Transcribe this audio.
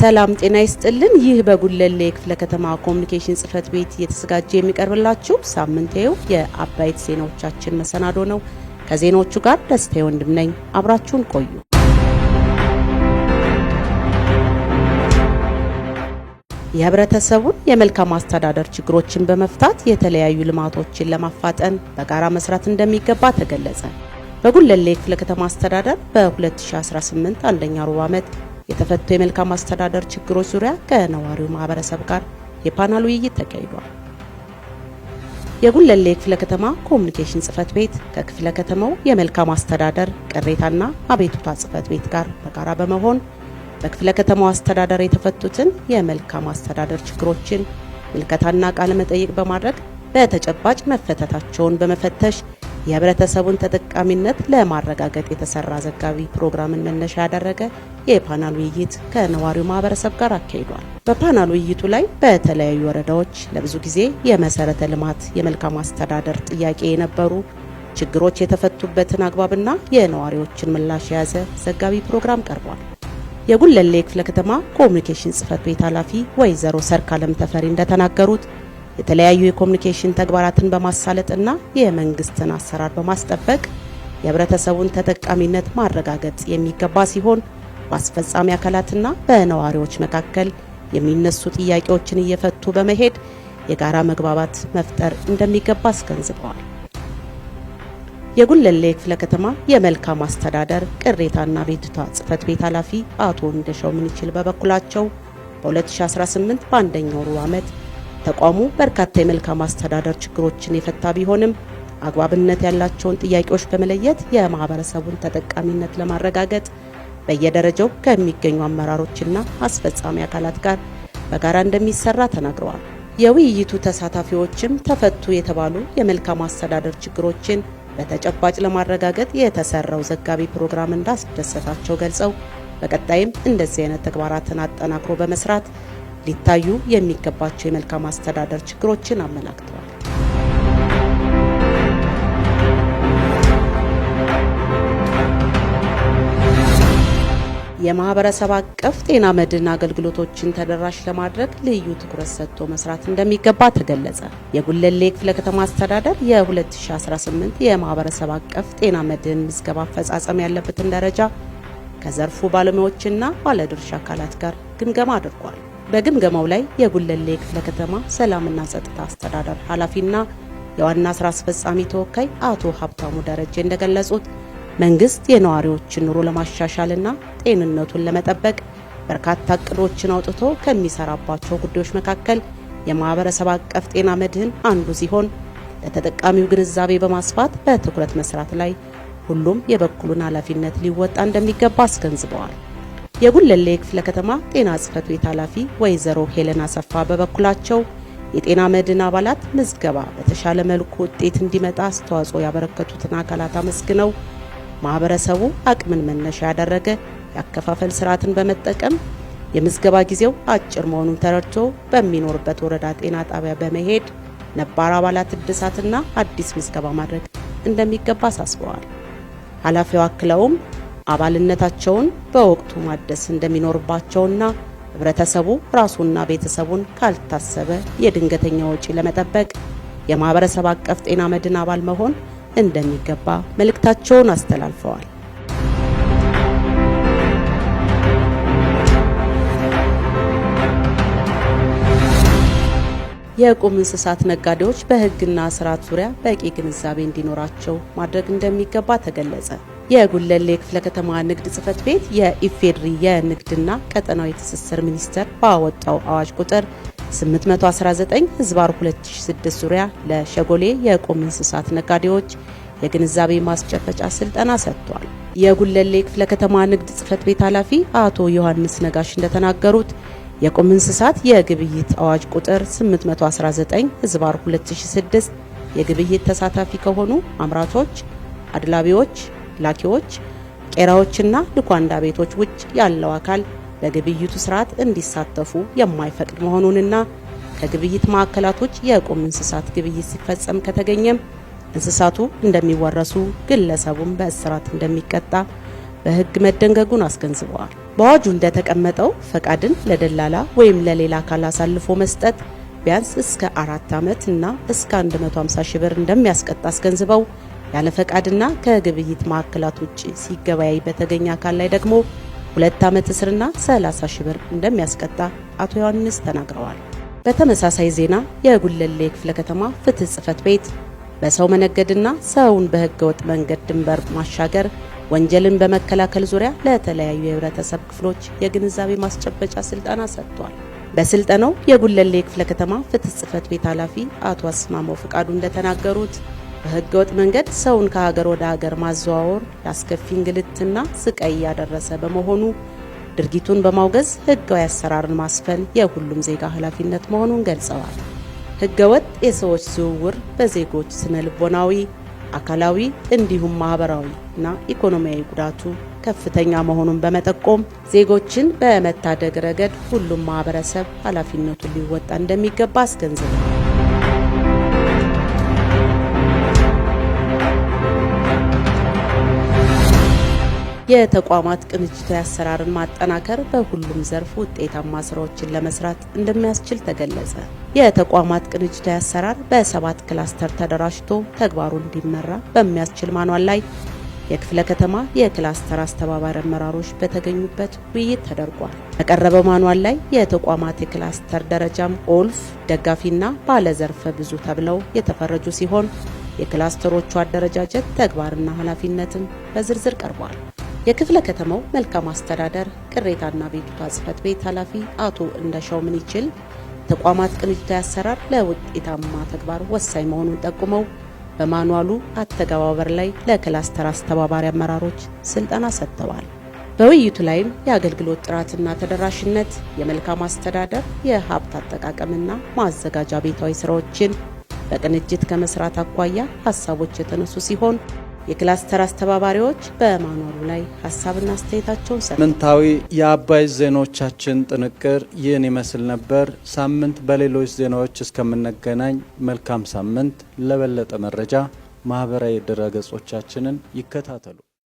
ሰላም ጤና ይስጥልን። ይህ በጉለሌ ክፍለ ከተማ ኮሚኒኬሽን ጽህፈት ቤት እየተዘጋጀ የሚቀርብላችሁ ሳምንታዊው የአባይት ዜናዎቻችን መሰናዶ ነው። ከዜናዎቹ ጋር ደስታ ወንድም ነኝ። አብራችሁን ቆዩ። የህብረተሰቡን የመልካም አስተዳደር ችግሮችን በመፍታት የተለያዩ ልማቶችን ለማፋጠን በጋራ መስራት እንደሚገባ ተገለጸ። በጉለሌ ክፍለ ከተማ አስተዳደር በ2018 አንደኛ ሩብ ዓመት የተፈቱ የመልካም አስተዳደር ችግሮች ዙሪያ ከነዋሪው ማህበረሰብ ጋር የፓናል ውይይት ተካሂዷል። የጉለሌ ክፍለ ከተማ ኮሚኒኬሽን ጽህፈት ቤት ከክፍለ ከተማው የመልካም አስተዳደር ቅሬታና አቤቱታ ጽህፈት ቤት ጋር በጋራ በመሆን በክፍለ ከተማው አስተዳደር የተፈቱትን የመልካም አስተዳደር ችግሮችን ምልከታና ቃለ መጠይቅ በማድረግ በተጨባጭ መፈተታቸውን በመፈተሽ የህብረተሰቡን ተጠቃሚነት ለማረጋገጥ የተሰራ ዘጋቢ ፕሮግራምን መነሻ ያደረገ የፓናል ውይይት ከነዋሪው ማህበረሰብ ጋር አካሂዷል። በፓናል ውይይቱ ላይ በተለያዩ ወረዳዎች ለብዙ ጊዜ የመሰረተ ልማት፣ የመልካም አስተዳደር ጥያቄ የነበሩ ችግሮች የተፈቱበትን አግባብና የነዋሪዎችን ምላሽ የያዘ ዘጋቢ ፕሮግራም ቀርቧል። የጉለሌ ክፍለ ከተማ ኮሚኒኬሽን ጽህፈት ቤት ኃላፊ ወይዘሮ ሰርካለም ተፈሪ እንደተናገሩት የተለያዩ የኮሚኒኬሽን ተግባራትን በማሳለጥና የመንግስትን አሰራር በማስጠበቅ የህብረተሰቡን ተጠቃሚነት ማረጋገጥ የሚገባ ሲሆን በአስፈጻሚ አካላትና በነዋሪዎች መካከል የሚነሱ ጥያቄዎችን እየፈቱ በመሄድ የጋራ መግባባት መፍጠር እንደሚገባ አስገንዝበዋል። የጉለሌ ክፍለ ከተማ የመልካም አስተዳደር ቅሬታና አቤቱታ ጽህፈት ቤት ኃላፊ አቶ እንደሻው ምንችል በበኩላቸው በ2018 በአንደኛው ሩብ ዓመት ተቋሙ በርካታ የመልካም አስተዳደር ችግሮችን የፈታ ቢሆንም አግባብነት ያላቸውን ጥያቄዎች በመለየት የማህበረሰቡን ተጠቃሚነት ለማረጋገጥ በየደረጃው ከሚገኙ አመራሮችና አስፈጻሚ አካላት ጋር በጋራ እንደሚሰራ ተናግረዋል። የውይይቱ ተሳታፊዎችም ተፈቱ የተባሉ የመልካም አስተዳደር ችግሮችን በተጨባጭ ለማረጋገጥ የተሰራው ዘጋቢ ፕሮግራም እንዳስደሰታቸው ገልጸው በቀጣይም እንደዚህ አይነት ተግባራትን አጠናክሮ በመስራት ሊታዩ የሚገባቸው የመልካም አስተዳደር ችግሮችን አመላክተዋል። የማህበረሰብ አቀፍ ጤና መድህን አገልግሎቶችን ተደራሽ ለማድረግ ልዩ ትኩረት ሰጥቶ መስራት እንደሚገባ ተገለጸ። የጉለሌ ክፍለ ከተማ አስተዳደር የ2018 የማህበረሰብ አቀፍ ጤና መድህን ምዝገባ አፈጻጸም ያለበትን ደረጃ ከዘርፉ ባለሙያዎችና ባለድርሻ አካላት ጋር ግምገማ አድርጓል። በግምገማው ላይ የጉለሌ ክፍለ ከተማ ሰላምና ጸጥታ አስተዳደር ኃላፊና የዋና ስራ አስፈጻሚ ተወካይ አቶ ሀብታሙ ደረጀ እንደገለጹት መንግስት የነዋሪዎችን ኑሮ ለማሻሻልና ጤንነቱን ለመጠበቅ በርካታ እቅዶችን አውጥቶ ከሚሰራባቸው ጉዳዮች መካከል የማህበረሰብ አቀፍ ጤና መድህን አንዱ ሲሆን ለተጠቃሚው ግንዛቤ በማስፋት በትኩረት መስራት ላይ ሁሉም የበኩሉን ኃላፊነት ሊወጣ እንደሚገባ አስገንዝበዋል። የጉለሌ ክፍለ ከተማ ጤና ጽፈት ቤት ኃላፊ ወይዘሮ ሄለን አሰፋ በበኩላቸው የጤና መድን አባላት ምዝገባ በተሻለ መልኩ ውጤት እንዲመጣ አስተዋጽኦ ያበረከቱትን አካላት አመስግነው ማህበረሰቡ አቅምን መነሻ ያደረገ የአከፋፈል ስርዓትን በመጠቀም የምዝገባ ጊዜው አጭር መሆኑን ተረድቶ በሚኖርበት ወረዳ ጤና ጣቢያ በመሄድ ነባር አባላት እድሳትና አዲስ ምዝገባ ማድረግ እንደሚገባ አሳስበዋል። ኃላፊው አክለውም አባልነታቸውን በወቅቱ ማደስ እንደሚኖርባቸውና ህብረተሰቡ ራሱና ቤተሰቡን ካልታሰበ የድንገተኛ ወጪ ለመጠበቅ የማህበረሰብ አቀፍ ጤና መድን አባል መሆን እንደሚገባ መልእክታቸውን አስተላልፈዋል። የቁም እንስሳት ነጋዴዎች በህግና ስርዓት ዙሪያ በቂ ግንዛቤ እንዲኖራቸው ማድረግ እንደሚገባ ተገለጸ። የጉለሌ ክፍለ ከተማ ንግድ ጽህፈት ቤት የኢፌድሪ የንግድና ቀጠናዊ ትስስር ሚኒስቴር ባወጣው አዋጅ ቁጥር 819 ህዝባር 2006 ዙሪያ ለሸጎሌ የቁም እንስሳት ነጋዴዎች የግንዛቤ ማስጨበጫ ስልጠና ሰጥቷል። የጉለሌ ክፍለ ከተማ ንግድ ጽህፈት ቤት ኃላፊ አቶ ዮሐንስ ነጋሽ እንደተናገሩት የቁም እንስሳት የግብይት አዋጅ ቁጥር 819 ህዝባር 2006 የግብይት ተሳታፊ ከሆኑ አምራቾች፣ አድላቢዎች ላኪዎች፣ ቄራዎችና ልኳንዳ ቤቶች ውጭ ያለው አካል በግብይቱ ስርዓት እንዲሳተፉ የማይፈቅድ መሆኑንና ከግብይት ማዕከላቶች የቁም እንስሳት ግብይት ሲፈጸም ከተገኘም እንስሳቱ እንደሚወረሱ ግለሰቡም በእስራት እንደሚቀጣ በሕግ መደንገጉን አስገንዝበዋል። በአዋጁ እንደተቀመጠው ፈቃድን ለደላላ ወይም ለሌላ አካል አሳልፎ መስጠት ቢያንስ እስከ አራት ዓመት እና እስከ 150 ሺህ ብር እንደሚያስቀጣ አስገንዝበው ያለ ፈቃድና ከግብይት ማዕከላት ውጭ ሲገበያይ በተገኘ አካል ላይ ደግሞ ሁለት ዓመት እስርና 30 ሺህ ብር እንደሚያስቀጣ አቶ ዮሐንስ ተናግረዋል። በተመሳሳይ ዜና የጉለሌ ክፍለ ከተማ ፍትህ ጽህፈት ቤት በሰው መነገድና ሰውን በህገወጥ መንገድ ድንበር ማሻገር ወንጀልን በመከላከል ዙሪያ ለተለያዩ የህብረተሰብ ክፍሎች የግንዛቤ ማስጨበጫ ስልጠና ሰጥቷል። በስልጠናው የጉለሌ ክፍለ ከተማ ፍትህ ጽህፈት ቤት ኃላፊ አቶ አስማማው ፈቃዱ እንደተናገሩት በህገወጥ መንገድ ሰውን ከሀገር ወደ ሀገር ማዘዋወር ለአስከፊ እንግልትና ስቃይ እያደረሰ በመሆኑ ድርጊቱን በማውገዝ ህጋዊ አሰራርን ማስፈን የሁሉም ዜጋ ኃላፊነት መሆኑን ገልጸዋል። ህገወጥ የሰዎች ዝውውር በዜጎች ስነ ልቦናዊ፣ አካላዊ እንዲሁም እና ኢኮኖሚያዊ ጉዳቱ ከፍተኛ መሆኑን በመጠቆም ዜጎችን በመታደግ ረገድ ሁሉም ማህበረሰብ ኃላፊነቱን ሊወጣ እንደሚገባ አስገንዝበዋል። የተቋማት ቅንጅታዊ አሰራርን ማጠናከር በሁሉም ዘርፍ ውጤታማ ስራዎችን ለመስራት እንደሚያስችል ተገለጸ። የተቋማት ቅንጅታዊ አሰራር በሰባት ክላስተር ተደራጅቶ ተግባሩ እንዲመራ በሚያስችል ማኗል ላይ የክፍለ ከተማ የክላስተር አስተባባሪ አመራሮች በተገኙበት ውይይት ተደርጓል። በቀረበው ማኗል ላይ የተቋማት የክላስተር ደረጃም ኦልፍ ደጋፊና ባለዘርፈ ብዙ ተብለው የተፈረጁ ሲሆን የክላስተሮቹ አደረጃጀት ተግባርና ኃላፊነትም በዝርዝር ቀርቧል። የክፍለ ከተማው መልካም አስተዳደር ቅሬታና አቤቱታ ጽህፈት ቤት ኃላፊ አቶ እንደሻው ምንይችል ተቋማት ቅንጅታዊ አሰራር ለውጤታማ ተግባር ወሳኝ መሆኑን ጠቁመው በማንዋሉ አተገባበር ላይ ለክላስተር አስተባባሪ አመራሮች ስልጠና ሰጥተዋል። በውይይቱ ላይም የአገልግሎት ጥራትና ተደራሽነት፣ የመልካም አስተዳደር፣ የሀብት አጠቃቀምና ማዘጋጃ ቤታዊ ስራዎችን በቅንጅት ከመስራት አኳያ ሀሳቦች የተነሱ ሲሆን የክላስተር አስተባባሪዎች በማኖሩ ላይ ሀሳብና አስተያየታቸውን ሰ ምንታዊ የአባይ ዜናዎቻችን ጥንቅር ይህን ይመስል ነበር። ሳምንት በሌሎች ዜናዎች እስከምንገናኝ መልካም ሳምንት። ለበለጠ መረጃ ማህበራዊ ድረገጾቻችንን ይከታተሉ።